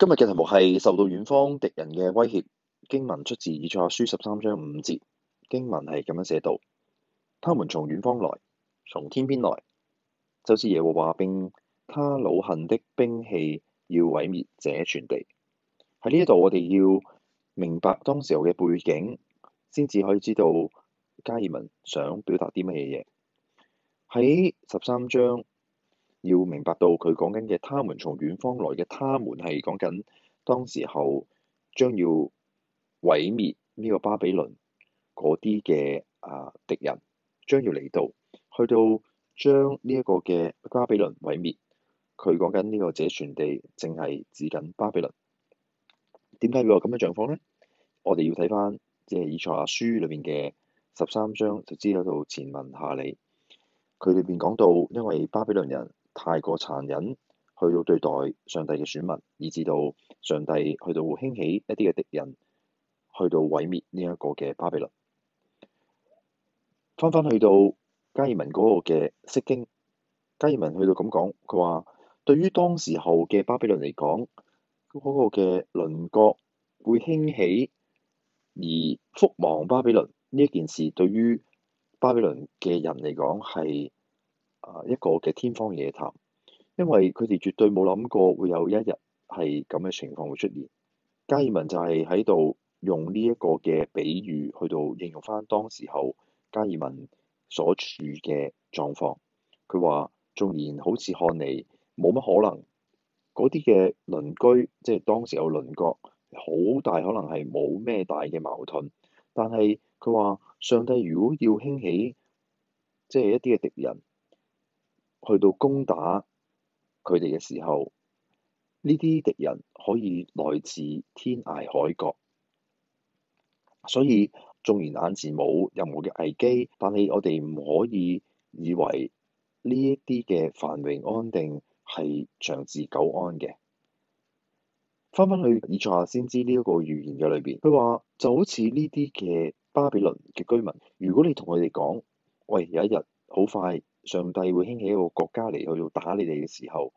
今日嘅題目係受到遠方敵人嘅威脅。經文出自以賽亞書十三章五節，經文係咁樣寫到：他們從遠方來，從天邊來，就是耶和華並他惱恨的兵器要毀滅這全地。喺呢一度，我哋要明白當時候嘅背景，先至可以知道加爾文想表達啲乜嘢嘢。喺十三章。要明白到佢講緊嘅，他們從遠方來嘅，他們係講緊當時候將要毀滅呢個巴比倫嗰啲嘅啊敵人將，將要嚟到去到將呢一個嘅巴比倫毀滅。佢講緊呢個者傳地，淨係指緊巴比倫。點解會有咁嘅狀況呢？我哋要睇翻即係以賽亞書裏面嘅十三章，就知道前文下理，佢裏邊講到因為巴比倫人。太過殘忍，去到對待上帝嘅選民，以至到上帝去到會興起一啲嘅敵人，去到毀滅呢一個嘅巴比倫。翻返，返去到加爾文嗰個嘅釋經，加爾文去到咁講，佢話對於當時候嘅巴比倫嚟講，嗰、嗰個嘅鄰國會興起而覆亡巴比倫呢一件事，對於巴比倫嘅人嚟講係。啊！一個嘅天方夜譚，因為佢哋絕對冇諗過會有一日係咁嘅情況會出現。加爾文就係喺度用呢一個嘅比喻去到應用返當時候加爾文所處嘅狀況。佢話：縱然好似看嚟冇乜可能，嗰啲嘅鄰居即係、就是、當時有鄰國，好大可能係冇咩大嘅矛盾。但係佢話：上帝如果要興起，即係一啲嘅敵人。去到攻打佢哋嘅時候，呢啲敵人可以來自天涯海角，所以縱然眼前冇任何嘅危機，但係我哋唔可以以為呢一啲嘅繁榮安定係長治久安嘅。翻返去以賽亞先知呢一個預言嘅裏邊，佢話就好似呢啲嘅巴比倫嘅居民，如果你同佢哋講，喂，有一日好快。上帝會興起一個國家嚟去到打你哋嘅時候，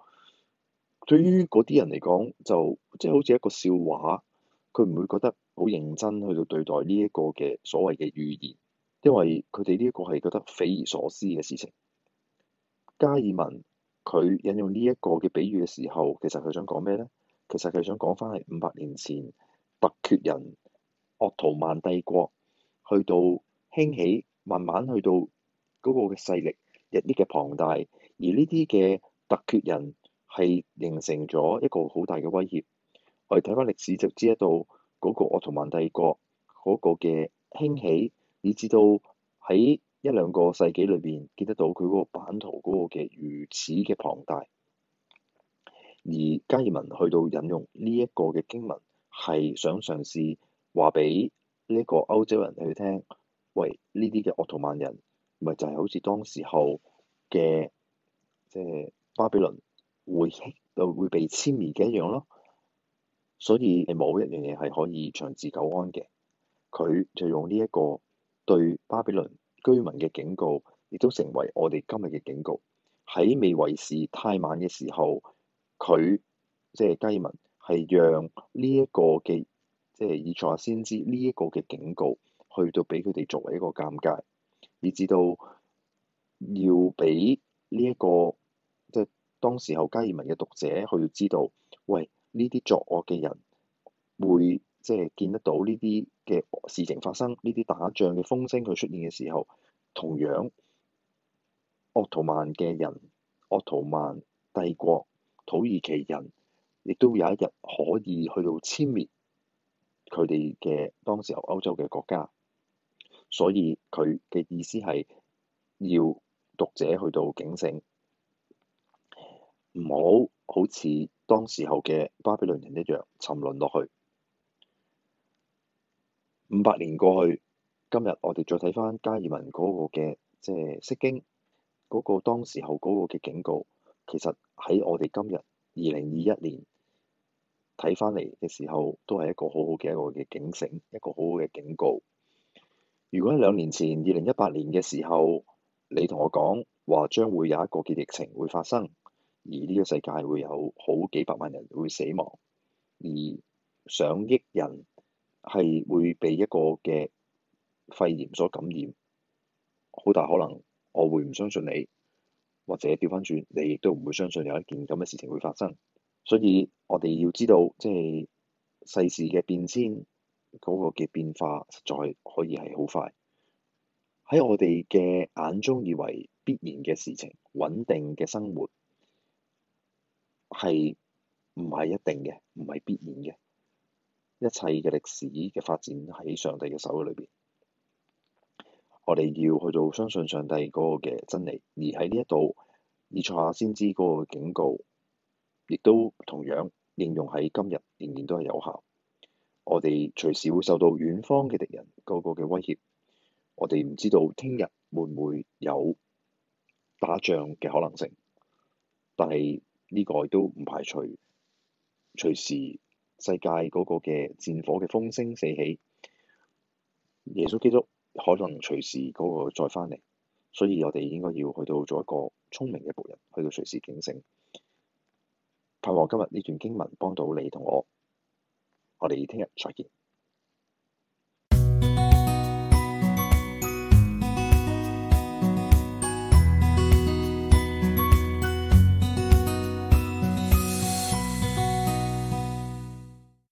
對於嗰啲人嚟講，就即係好似一個笑話，佢唔會覺得好認真去到對待呢一個嘅所謂嘅預言，因為佢哋呢一個係覺得匪夷所思嘅事情。加爾文佢引用呢一個嘅比喻嘅時候，其實佢想講咩呢？其實佢想講翻係五百年前突厥人鄂圖曼帝國去到興起，慢慢去到嗰個嘅勢力。一啲嘅龐大，而呢啲嘅突厥人係形成咗一個好大嘅威脅。我哋睇返歷史就知得到嗰個鄂圖曼帝國嗰個嘅興起，以至到喺一兩個世紀裏邊見得到佢嗰個版圖嗰個嘅如此嘅龐大。而加爾文去到引用呢一個嘅經文，係想嘗試話俾呢個歐洲人去聽，喂，呢啲嘅鄂圖曼人。咪就係好似當時候嘅，即係巴比倫會誒會被殲滅嘅一樣咯。所以係冇一樣嘢係可以長治久安嘅。佢就用呢一個對巴比倫居民嘅警告，亦都成為我哋今日嘅警告。喺未為時太晚嘅時候，佢即係雞民係讓呢一個嘅，即係以賽亞先知呢一個嘅警告，去到俾佢哋作為一個尷尬。以至到要俾呢一個即係、就是、當時候加爾文嘅讀者去知道，喂，呢啲作惡嘅人會即係、就是、見得到呢啲嘅事情發生，呢啲打仗嘅風聲佢出現嘅時候，同樣奧圖曼嘅人、奧圖曼帝國、土耳其人，亦都有一日可以去到殲滅佢哋嘅當時候歐洲嘅國家。所以佢嘅意思係要讀者去到警醒，唔好好似當時候嘅巴比倫人一樣沉淪落去。五百年過去，今日我哋再睇翻加爾文嗰個嘅即係釋經嗰個當時候嗰個嘅警告，其實喺我哋今日二零二一年睇翻嚟嘅時候，都係一個好好嘅一個嘅警醒，一個好好嘅警告。如果喺兩年前，二零一八年嘅時候，你同我講話將會有一個嘅疫情會發生，而呢個世界會有好幾百萬人會死亡，而上億人係會被一個嘅肺炎所感染，好大可能我會唔相信你，或者調返轉，你亦都唔會相信有一件咁嘅事情會發生。所以，我哋要知道即係、就是、世事嘅變遷。嗰個嘅變化實在可以係好快，喺我哋嘅眼中以為必然嘅事情、穩定嘅生活係唔係一定嘅，唔係必然嘅。一切嘅歷史嘅發展喺上帝嘅手裏邊，我哋要去到相信上帝嗰個嘅真理，而喺呢一度，以賽亞先知嗰個警告，亦都同樣應用喺今日，仍然都係有效。我哋隨時會受到遠方嘅敵人個個嘅威脅，我哋唔知道聽日會唔會有打仗嘅可能性，但係呢個亦都唔排除隨時世界嗰個嘅戰火嘅風聲四起，耶穌基督可能隨時嗰個再返嚟，所以我哋應該要去到做一個聰明嘅僕人，去到隨時警醒。盼望今日呢段經文幫到你同我。我哋聽日再見。